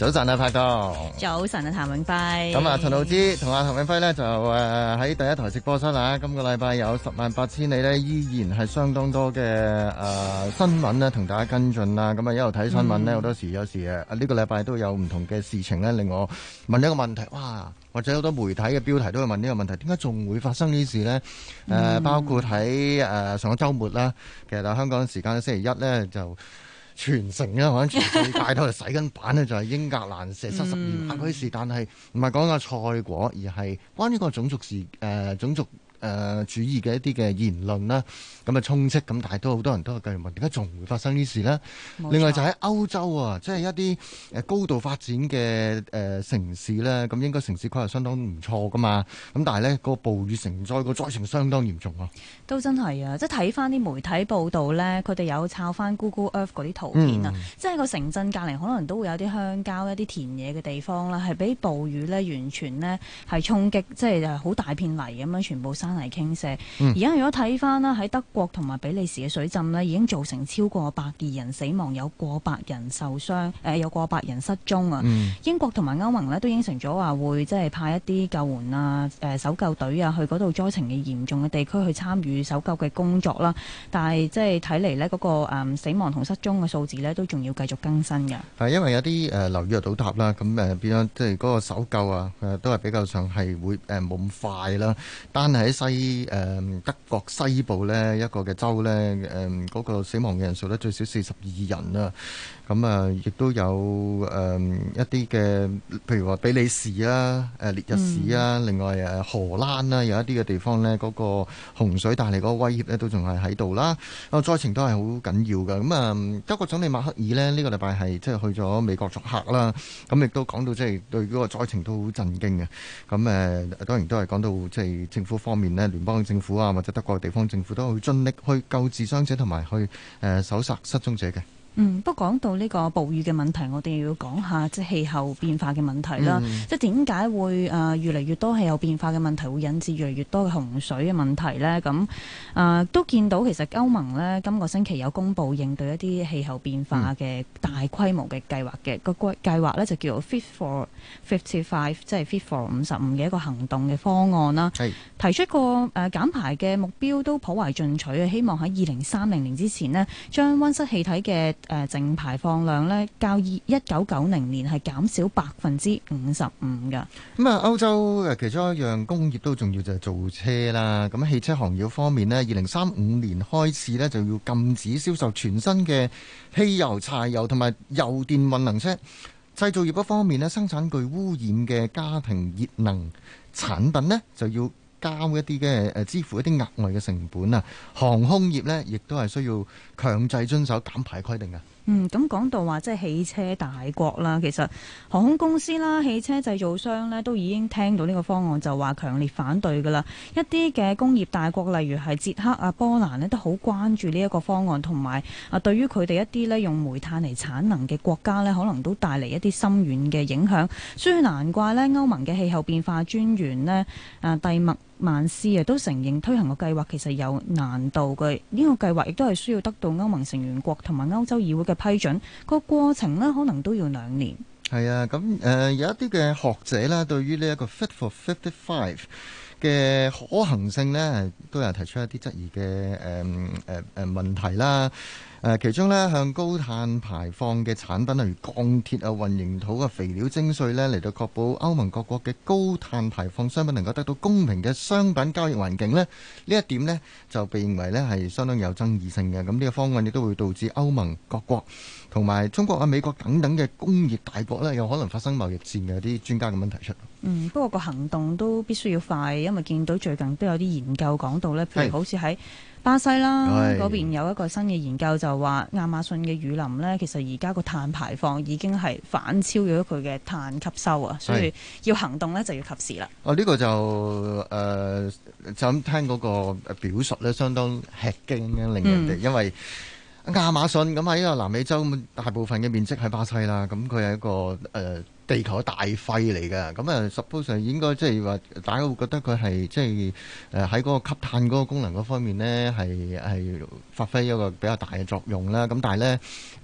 早晨啊，拍檔早晨啊，譚永輝。咁啊，陳老師同啊譚永輝呢就誒喺、呃、第一台直播室啦、啊。今個禮拜有十萬八千里呢，依然係相當多嘅誒、呃、新聞呢同大家跟進啦。咁啊一路睇新聞呢，好、嗯、多時有時誒呢個禮拜都有唔同嘅事情呢，令我問一個問題。哇！或者好多媒體嘅標題都會問呢個問題，點解仲會發生呢事呢？誒、呃，包括喺誒、呃、上個週末啦，其實香港時間星期一呢就。全城啊，我諗全世界都係洗緊板咧，就係 英格蘭射失十二碼嗰事。但係唔係講緊賽果，而係關於個種族事誒、呃、種族。誒、呃、主義嘅一啲嘅言論啦，咁、嗯、啊充斥。咁，但係都好多人都係繼續問，點解仲會發生呢事呢？錯」另外就喺歐洲啊，即係一啲誒高度發展嘅誒、呃、城市呢，咁應該城市規劃相當唔錯㗎嘛，咁但係呢、那個暴雨成災，個災情相當嚴重啊，都真係啊，即係睇返啲媒體報道呢，佢哋有抄返 Google Earth 嗰啲圖片啊，嗯、即係個城鎮隔籬可能都會有啲鄉郊、一啲田野嘅地方啦、啊，係俾暴雨呢完全呢係衝擊，即係好大片泥咁樣全部塞，嚟傾瀉，而家、嗯、如果睇翻啦，喺德國同埋比利時嘅水浸呢，已經造成超過百二人死亡，有過百人受傷，誒、呃，有過百人失蹤啊！嗯、英國同埋歐盟呢，都應承咗話會即係派一啲救援啊、誒、呃、搜救隊啊去嗰度災情嘅嚴重嘅地區去參與搜救嘅工作啦。但係即係睇嚟呢嗰個誒死亡同失蹤嘅數字呢，都仲要繼續更新嘅。係因為有啲誒樓宇啊倒塌啦，咁誒變咗即係嗰個搜救啊，誒都係比較上係會誒冇咁快啦。但係喺西誒、嗯、德國西部呢一個嘅州呢誒嗰、嗯那個死亡嘅人數呢，最少四十二人，啊。咁啊，亦都有誒一啲嘅，譬如話比利時啊、誒列日市啊，另外誒荷蘭啦，有一啲嘅地方咧，嗰個洪水帶嚟嗰個威脅咧，都仲係喺度啦，個，災情都係好緊要嘅。咁啊，德國總理默克爾咧，呢個禮拜係即係去咗美國作客啦。咁亦都講到即係對嗰個災情都好震驚嘅。咁誒，當然都係講到即係政府方面咧，聯邦政府啊，或者德國嘅地方政府都好盡力去救治傷者同埋去誒搜尋失蹤者嘅。嗯，不過講到呢個暴雨嘅問題，我哋要講下即係氣候變化嘅問題啦。嗯、即係點解會誒、呃、越嚟越多氣候變化嘅問題，會引致越嚟越多嘅洪水嘅問題呢？咁誒、呃、都見到其實歐盟呢，今個星期有公布應對一啲氣候變化嘅大規模嘅計劃嘅、嗯、個規計劃呢，就叫做 Fit for Fifty Five，即係 Fit for 五十五嘅一個行動嘅方案啦。是提出個誒減排嘅目標都頗為進取，希望喺二零三零年之前呢，將溫室氣體嘅誒，淨、呃、排放量咧，較二一九九零年係減少百分之五十五嘅。咁啊，歐洲誒，其中一樣工業都重要就係造車啦。咁汽車行業方面呢，二零三五年開始呢，就要禁止銷售全新嘅汽油、柴油同埋油電混能車。製造業嗰方面呢，生產具污染嘅家庭熱能產品呢，就要。交一啲嘅誒支付一啲額外嘅成本啊，航空業咧亦都係需要強制遵守減排規定嘅。嗯，咁講到話，即係汽車大國啦，其實航空公司啦、汽車製造商咧都已經聽到呢個方案就話強烈反對噶啦。一啲嘅工業大國，例如係捷克啊、波蘭咧，都好關注呢一個方案，同埋啊對於佢哋一啲咧用煤炭嚟產能嘅國家咧，可能都帶嚟一啲深遠嘅影響。所以難怪咧，歐盟嘅氣候變化專員咧啊蒂麥曼斯啊都承認推行個計劃其實有難度嘅。呢個計劃亦都係需要得到歐盟成員國同埋歐洲議會。嘅批准，個過程呢，可能都要兩年。係啊，咁、呃、有一啲嘅學者呢對於呢一個 Fit for 55。嘅可行性呢，都有提出一啲質疑嘅誒誒問題啦。其中呢，向高碳排放嘅產品，例如鋼鐵啊、混凝土啊、肥料徵稅呢，嚟到確保歐盟各國嘅高碳排放商品能夠得到公平嘅商品交易環境呢，呢一點呢，就被認為呢，係相當有爭議性嘅。咁呢個方案亦都會導致歐盟各國同埋中國啊、美國等等嘅工業大國呢，有可能發生貿易戰嘅。啲專家咁樣提出。嗯，不過個行動都必須要快，因為見到最近都有啲研究講到咧，譬如好似喺巴西啦嗰邊有一個新嘅研究就話亞馬遜嘅雨林咧，其實而家個碳排放已經係反超咗佢嘅碳吸收啊，所以要行動咧就要及時啦。哦，呢、啊呢個就誒、呃、就咁聽嗰個表述咧，相當吃驚啊，令人哋、嗯、因為亞馬遜咁喺呢個南美洲，大部分嘅面積喺巴西啦，咁佢係一個誒。呃地球大肺嚟㗎，咁啊，suppose 應該即係話，大家會覺得佢係即係誒喺嗰個吸碳嗰個功能嗰方面呢，係係發揮一個比較大嘅作用啦。咁但係咧，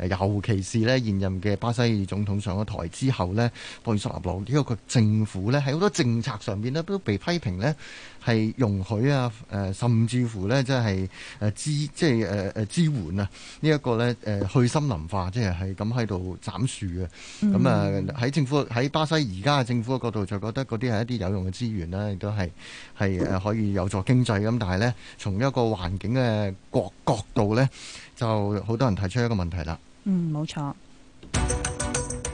尤其是呢，現任嘅巴西總統上咗台之後呢，博爾索納羅呢一個政府呢，喺好多政策上邊呢，都被批評呢係容許啊誒，甚至乎呢，即係誒支即係誒誒支援啊呢一個呢，誒去森林化，即係係咁喺度斬樹啊。咁啊喺政府。嗯喺巴西而家嘅政府嘅角度，就覺得嗰啲係一啲有用嘅資源啦，亦都係係誒可以有助經濟咁。但係咧，從一個環境嘅角角度咧，就好多人提出一個問題啦。嗯，冇錯。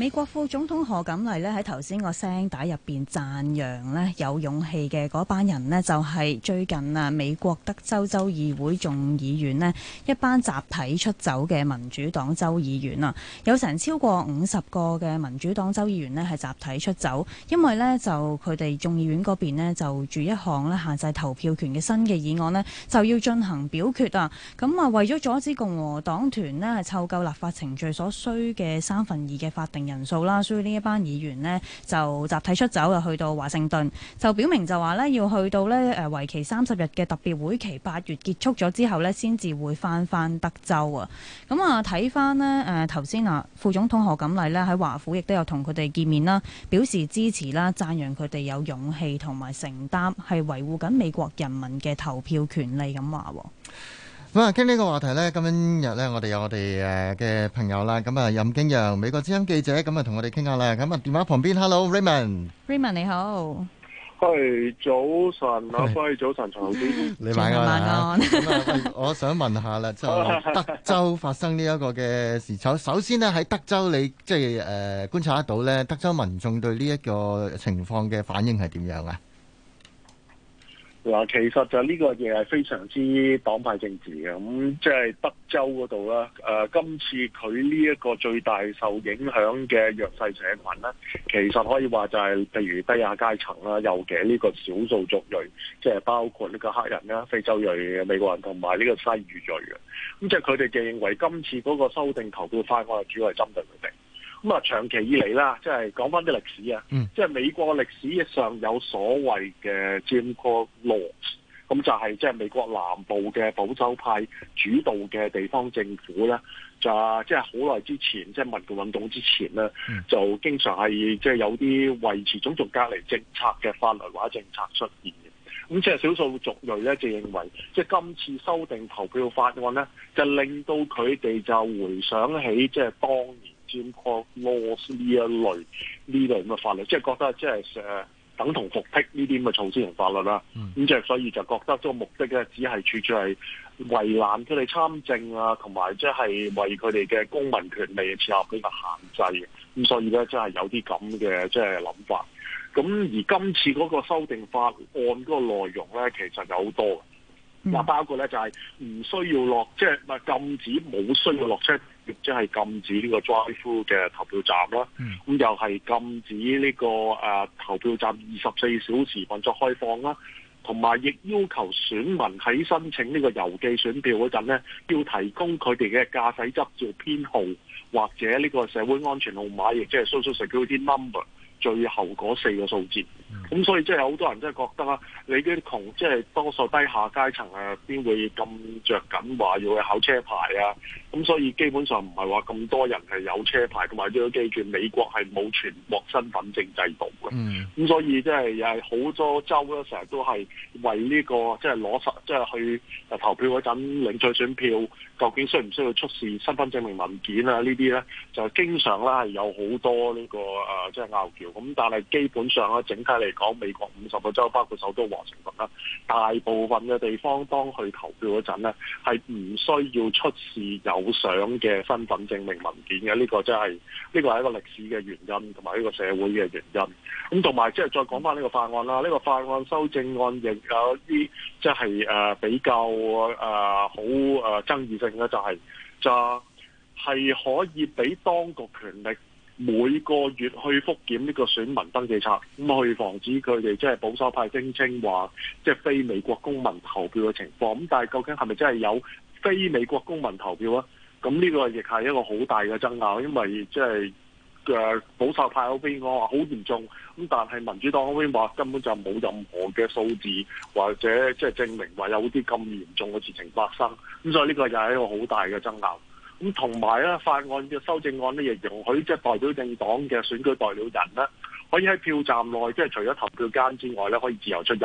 美國副總統何錦麗呢喺頭先個聲帶入面讚揚呢有勇氣嘅嗰班人呢，就係最近啊美國德州州議會眾議院呢一班集體出走嘅民主黨州議員啊，有成超過五十個嘅民主黨州議員呢，係集體出走，因為呢，就佢哋眾議院嗰邊呢，就住一項限制投票權嘅新嘅議案呢，就要進行表決啊，咁啊為咗阻止共和黨團呢，係湊夠立法程序所需嘅三分二嘅法定人數啦，所以呢一班議員呢就集體出走啊，去到華盛頓，就表明就話咧要去到呢，誒、呃、為期三十日嘅特別會期，八月結束咗之後呢，先至會返返德州啊。咁、嗯、啊，睇返呢誒頭先啊，副總統賀錦麗呢喺華府亦都有同佢哋見面啦，表示支持啦，讚揚佢哋有勇氣同埋承擔，係維護緊美國人民嘅投票權利咁話。咁啊，傾呢個話題咧，今日咧，我哋有我哋誒嘅朋友啦。咁啊，任敬揚，美國之音記者，咁啊，同我哋傾下啦。咁啊，電話旁邊，Hello，Raymond，Raymond 你好，係早晨啊，輝，早晨，Hey. 早晨你啲，啊，你晚安，啊。我想問一下啦， 就德州發生呢一個嘅事，首首先呢，喺德州，你即係誒觀察得到咧，德州民眾對呢一個情況嘅反應係點樣啊？嗱，其實就呢個嘢係非常之黨派政治嘅，咁即係德州嗰度啦。誒、呃，今次佢呢一個最大受影響嘅弱勢社群咧，其實可以話就係、是、譬如低下階層啦，尤其係呢個少數族裔，即係包括呢個黑人啦、非洲裔嘅美國人同埋呢個西語裔嘅。咁即係佢哋認為今次嗰個修訂投票法案主要係針對佢哋。咁啊，長期以嚟啦，即係講翻啲歷史啊，嗯、即係美國歷史上有所謂嘅 Jim Crow Laws，咁就係即係美國南部嘅保守派主導嘅地方政府咧，就即係好耐之前，即係民權運動之前咧，就經常係即係有啲維持種族隔離政策嘅法律或者政策出現嘅。咁即係少數族裔咧，就認為即係、就是、今次修訂投票法案咧，就令到佢哋就回想起即係、就是、當年。Jim Crow law 呢一類呢類咁嘅法律，即係覺得即係誒等同復辟呢啲咁嘅措施同法律啦。咁即係所以就覺得個目的咧，只係處處係為難佢哋參政啊，同埋即係為佢哋嘅公民權利嘅設立比較限制嘅。咁所以咧，即係有啲咁嘅即係諗法。咁而今次嗰個修訂法案嗰個內容咧，其實有好多，嗱、嗯，包括咧就係、是、唔需要落，即係唔禁止冇需要落出。亦即係禁止呢個 drive-through 嘅投票站啦，咁又係禁止呢個、啊、投票站二十四小時運作開放啦，同埋亦要求選民喺申請呢個郵寄選票嗰陣咧，要提供佢哋嘅駕駛執照編號或者呢個社會安全號碼，亦即係 social security number 最後嗰四個數字。咁、嗯、所以即係好多人真係覺得啊，你啲窮即係多數低下階層啊，邊會咁著緊話要去考車牌啊？咁所以基本上唔係話咁多人係有車牌嘅。同埋呢個記住，美國係冇全國身份證制度嘅。咁、嗯、所以即係又係好多州咧、啊，成日都係為呢、這個即係攞實，即、就、係、是就是、去投票嗰陣領取選票，究竟需唔需要出示身份證明文件啊？呢啲咧就經常啦係有好多呢、這個誒即係拗撬。咁、呃就是、但係基本上咧、啊，整體。嚟講，美國五十個州包括首都華盛頓，大部分嘅地方當去投票嗰陣咧，係唔需要出示有相嘅身份證明文件嘅。呢、這個真係呢個係一個歷史嘅原因，同埋呢個社會嘅原因。咁同埋即係再講返呢個法案啦，呢、這個法案修正案亦有啲即係誒比較誒好誒爭議性嘅就係、是、就係、是、可以俾當局權力。每個月去復檢呢個選民登記冊，咁去防止佢哋即係保守派聲稱話，即係非美國公民投票嘅情況。咁但係究竟係咪真係有非美國公民投票啊？咁呢個亦係一個好大嘅爭拗，因為即係嘅保守派嗰邊我話好嚴重，咁但係民主黨嗰邊話根本就冇任何嘅數字或者即係證明話有啲咁嚴重嘅事情發生。咁所以呢個又係一個好大嘅爭拗。咁同埋咧，法案嘅修正案呢，亦容許即係代表政黨嘅選舉代表人咧，可以喺票站內，即係除咗投票間之外咧，可以自由出入。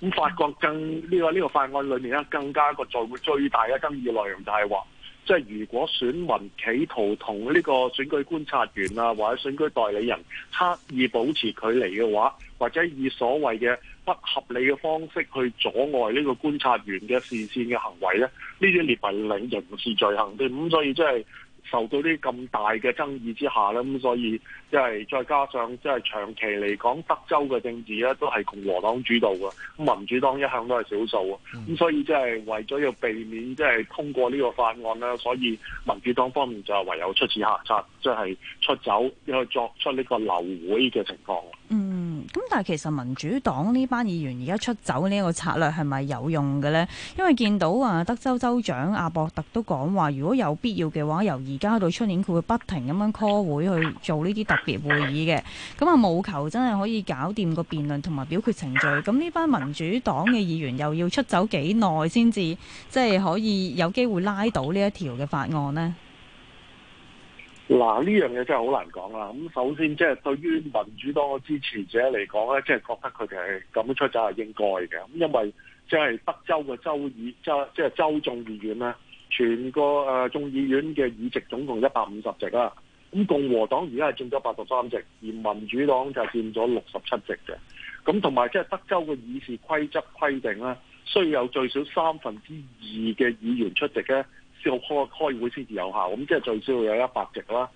咁法國更呢個呢個法案裏面咧，更加一個在會最大嘅爭議內容就係話。即係如果選民企圖同呢個選舉觀察員啊，或者選舉代理人刻意保持距離嘅話，或者以所謂嘅不合理嘅方式去阻礙呢個觀察員嘅視線嘅行為咧，呢啲列為刑事罪行嘅，咁所以即係受到呢咁大嘅爭議之下咧，咁所以。即係再加上即係長期嚟講，德州嘅政治咧都係共和黨主導嘅，民主黨一向都係少數啊。咁、嗯、所以即係為咗要避免即係通過呢個法案啦。所以民主黨方面就唯有出此下策，即係出走去作出呢個流會嘅情況。嗯，咁但係其實民主黨呢班議員而家出走呢個策略係咪有用嘅咧？因為見到啊德州州長阿博特都講話，如果有必要嘅話，由而家到出年，佢會不停咁樣 call 會去做呢啲特特別會議嘅，咁啊務求真係可以搞掂個辯論同埋表決程序。咁呢班民主黨嘅議員又要出走幾耐先至，即係可以有機會拉到呢一條嘅法案呢？嗱，呢樣嘢真係好難講啦。咁首先，即係對於民主黨嘅支持者嚟講咧，即係覺得佢哋係咁出走係應該嘅。咁因為即係德州嘅州議，即係即係州眾議院咧，全個誒眾議院嘅議席總共一百五十席啦。咁共和黨而家係佔咗八十三席，而民主黨就佔咗六十七席嘅。咁同埋即係德州嘅議事規則規定咧，需要有最少三分之二嘅議員出席咧，先可開會先至有效。咁即係最少要有一百席啦。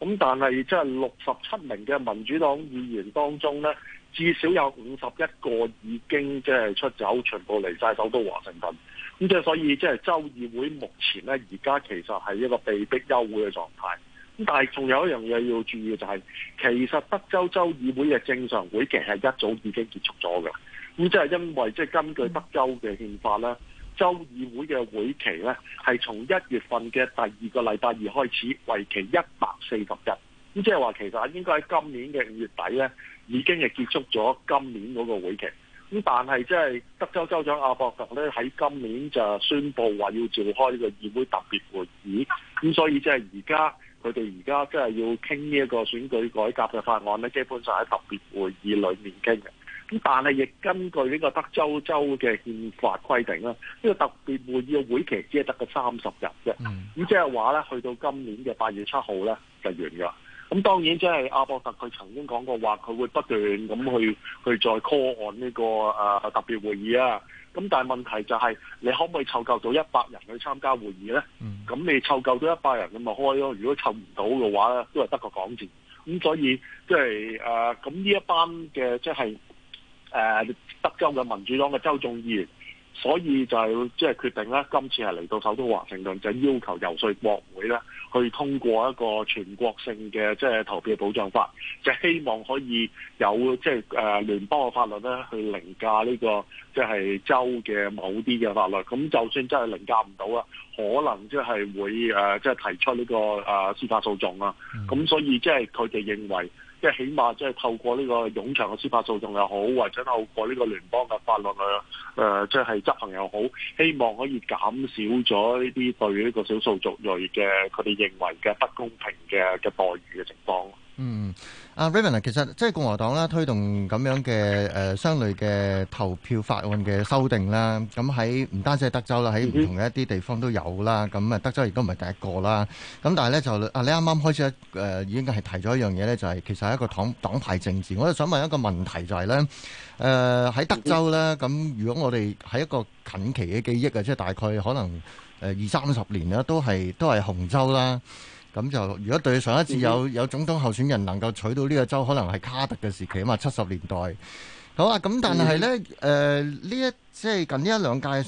咁但係即係六十七名嘅民主黨議員當中咧，至少有五十一個已經即係出走，全部嚟晒首都華盛頓。咁即係所以即係州議會目前咧而家其實係一個被逼休會嘅狀態。咁但係仲有一樣嘢要注意嘅就係，其實德州州議會嘅正常會期係一早已經結束咗嘅。咁即係因為即係根據德州嘅憲法咧，州議會嘅會期咧係從一月份嘅第二個禮拜二開始，為期一百四十日。咁即係話其實應該喺今年嘅五月底咧，已經係結束咗今年嗰個會期。咁但係即係德州州長阿博特咧喺今年就宣布話要召開呢個議會特別會議。咁所以即係而家。佢哋而家真係要傾呢一個選舉改革嘅法案咧，基本上喺特別會議裏面傾嘅。咁但係亦根據呢個德州州嘅憲法規定啦，呢、這個特別會議嘅會期只係得個三十日啫。咁即係話咧，去到今年嘅八月七號咧就完噶。咁當然即係阿博特佢曾經講過話，佢會不斷咁去去再 call 案呢、這個誒、呃、特別會議啊。咁但係問題就係、是，你可唔可以湊夠到一百人去參加會議呢？咁、嗯、你湊夠到一百人咁咪開咯。如果湊唔到嘅話呢，都係得個講字。咁所以即係誒，咁、呃、呢一班嘅即係德州嘅民主黨嘅州眾議員。所以就即係決定咧，今次係嚟到首都華盛頓，就要求游說國會咧，去通過一個全國性嘅即係投票保障法，就希望可以有即係誒聯邦嘅法律咧去凌駕呢個即係州嘅某啲嘅法律。咁就算真係凌駕唔到啊，可能即係會誒即係提出呢個誒司法訴訟啊。咁所以即係佢哋認為。即係起碼，即係透過呢個冗長嘅司法訴訟又好，或者透過呢個聯邦嘅法律嚟，誒即係執行又好，希望可以減少咗呢啲對呢個少數族裔嘅佢哋認為嘅不公平嘅嘅待遇嘅情況。嗯，阿 Raymond 其實即係共和黨啦，推動咁樣嘅誒相類嘅投票法案嘅修訂啦。咁喺唔單止係德州啦，喺唔同嘅一啲地方都有啦。咁啊，德州亦都唔係第一個啦。咁但係咧就啊，你啱啱開始誒、呃、已經係提咗一樣嘢咧，就係、是、其實係一個黨黨派政治。我就想問一個問題、就是，就係咧，誒喺德州咧，咁如果我哋喺一個近期嘅記憶啊，即、就、係、是、大概可能誒二三十年啦，都係都係紅州啦。咁就如果對上一次有有總統候選人能夠取到呢個州，可能係卡特嘅時期嘛，七十年代。好啊，咁但係呢誒呢、嗯呃、一即係近呢一兩屆誒、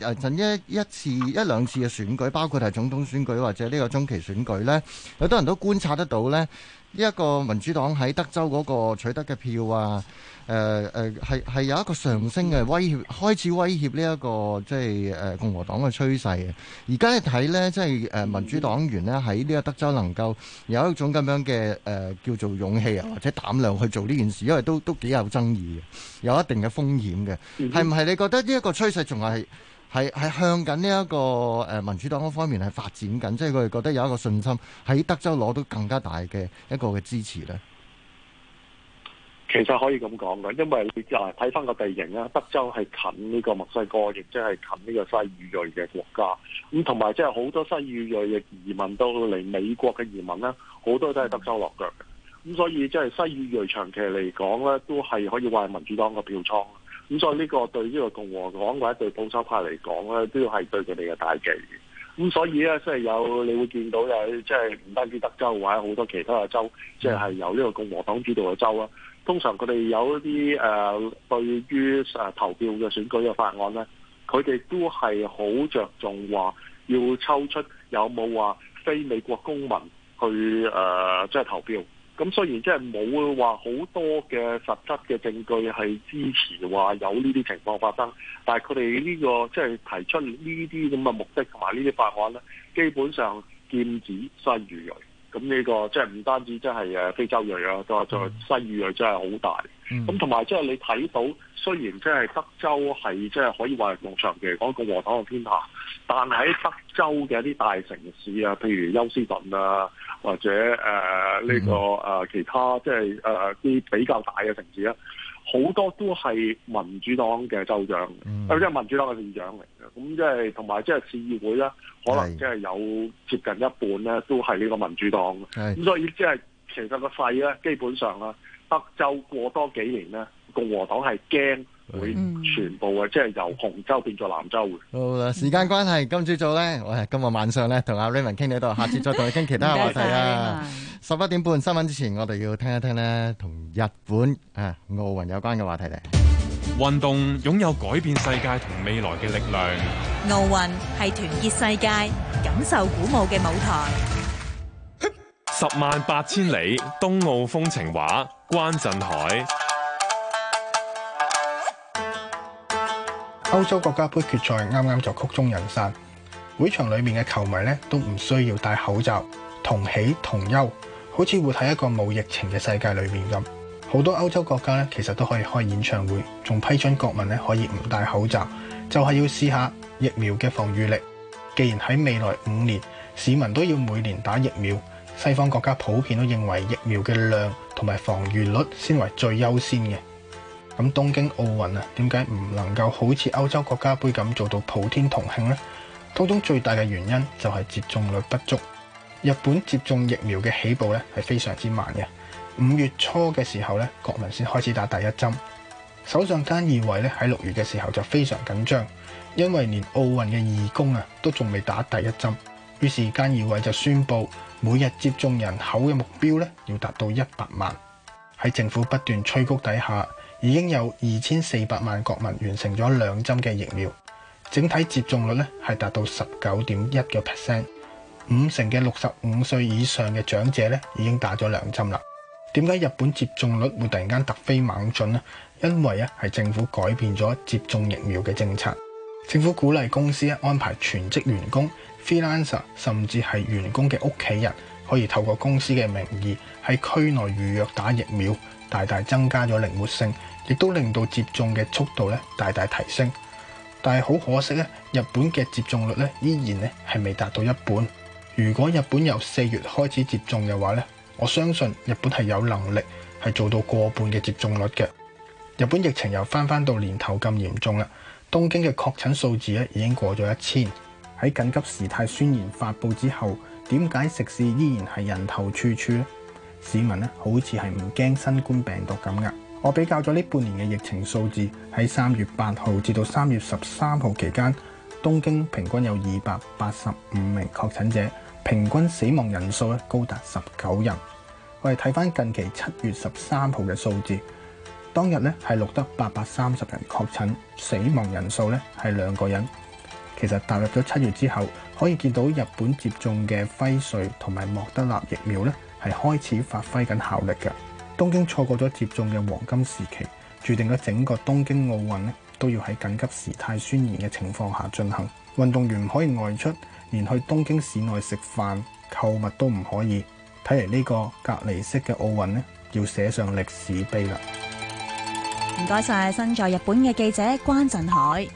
呃，近一一次一兩次嘅選舉，包括係總統選舉或者呢個中期選舉呢，好多人都觀察得到呢。呢一個民主黨喺德州嗰個取得嘅票啊，誒誒係係有一個上升嘅威脅，開始威脅呢一個即係誒共和黨嘅趨勢嘅。而家一睇呢，即係誒民主黨員呢喺呢個德州能夠有一種咁樣嘅誒、呃、叫做勇氣啊，或者膽量去做呢件事，因為都都幾有爭議嘅，有一定嘅風險嘅，係唔係？你覺得呢一個趨勢仲係？係係向緊呢一個誒民主黨方面係發展緊，即係佢哋覺得有一個信心喺德州攞到更加大嘅一個嘅支持咧。其實可以咁講嘅，因為你啊睇翻個地形啦，德州係近呢個墨西哥，亦即係近呢個西語裔嘅國家。咁同埋即係好多西語裔嘅移民到嚟美國嘅移民啦，好多都係德州落腳嘅。咁所以即係西語裔，裔長期嚟講咧，都係可以話係民主黨嘅票倉。咁所以呢個對呢個共和黨或者對保守派嚟講咧，都要係對佢哋嘅大忌。咁所以咧，即係有你會見到有即係唔單止德州，或者好多其他嘅州，即係由呢個共和黨主導嘅州啦。通常佢哋有一啲誒對於誒投票嘅選舉嘅法案咧，佢哋都係好着重話要抽出有冇話非美國公民去誒即係投票。咁雖然即係冇話好多嘅實質嘅證據係支持話有呢啲情況發生，但係佢哋呢個即係、就是、提出呢啲咁嘅目的同埋呢啲法案咧，基本上劍指新宇睿。咁呢個即係唔單止即係非洲裔咯，再再西裔又真係好大。咁同埋即係你睇到，雖然即係德州係即係可以話係長期講共和黨嘅天下，但喺德州嘅一啲大城市啊，譬如休斯頓啊，或者誒呢、呃這個誒、呃、其他即係誒啲比較大嘅城市啊。好多都係民主黨嘅州長，嗯、啊即係、就是、民主黨嘅市長嚟嘅，咁即係同埋即係市議會咧，可能即係有接近一半咧都係呢個民主黨，咁、嗯、所以即、就、係、是、其實個勢咧，基本上咧德州過多幾年咧，共和黨係驚會全部啊，即係由紅州變咗藍州嘅。嗯、好啦，時間關係，今朝早咧，我係今日晚上咧，同阿 Raymond 傾到呢度，下次再同你傾其他嘅話題啦、啊。 十一點半新聞之前，我哋要聽一聽咧同日本啊奧運有關嘅話題嚟。運動擁有改變世界同未來嘅力量。奧運係團結世界、感受鼓舞嘅舞台。十萬八千里東奧風情畫，關震海。歐洲國家杯決賽啱啱就曲終人散，會場裏面嘅球迷咧都唔需要戴口罩，同喜同憂。好似活喺一個冇疫情嘅世界裏面咁，好多歐洲國家咧其實都可以開演唱會，仲批准國民咧可以唔戴口罩，就係要試下疫苗嘅防御力。既然喺未來五年市民都要每年打疫苗，西方國家普遍都認為疫苗嘅量同埋防御率先為最優先嘅。咁東京奧運啊，點解唔能夠好似歐洲國家杯咁做到普天同慶呢？當中最大嘅原因就係接種率不足。日本接種疫苗嘅起步咧係非常之慢嘅。五月初嘅時候咧，國民先開始打第一針。首相菅義偉咧喺六月嘅時候就非常緊張，因為連奧運嘅義工啊都仲未打第一針。於是菅義偉就宣布每日接種人口嘅目標咧要達到一百萬。喺政府不斷催谷底下，已經有二千四百萬國民完成咗兩針嘅疫苗，整體接種率咧係達到十九點一個 percent。五成嘅六十五歲以上嘅長者咧已經打咗兩針啦。點解日本接種率會突然間突飛猛進呢？因為啊，係政府改變咗接種疫苗嘅政策。政府鼓勵公司安排全職員工、freelancer 甚至係員工嘅屋企人，可以透過公司嘅名義喺區內預約打疫苗，大大增加咗靈活性，亦都令到接種嘅速度咧大大提升。但係好可惜咧，日本嘅接種率咧依然咧係未達到一半。如果日本由四月開始接種嘅話咧，我相信日本係有能力係做到過半嘅接種率嘅。日本疫情又返返到年頭咁嚴重啦，東京嘅確診數字咧已經過咗一千。喺緊急事態宣言發布之後，點解食肆依然係人頭處處咧？市民咧好似係唔驚新冠病毒咁嘅。我比較咗呢半年嘅疫情數字，喺三月八號至到三月十三號期間，東京平均有二百八十五名確診者。平均死亡人數咧高達十九人。我哋睇翻近期七月十三號嘅數字，當日咧係錄得八百三十人確診，死亡人數咧係兩個人。其實踏入咗七月之後，可以見到日本接種嘅輝瑞同埋莫德納疫苗咧係開始發揮緊效力嘅。東京錯過咗接種嘅黃金時期，注定咗整個東京奧運咧都要喺緊急事態宣言嘅情況下進行，運動員唔可以外出。連去東京市內食飯、購物都唔可以，睇嚟呢個隔離式嘅奧運呢要寫上歷史碑啦！唔該晒，身在日本嘅記者關震海。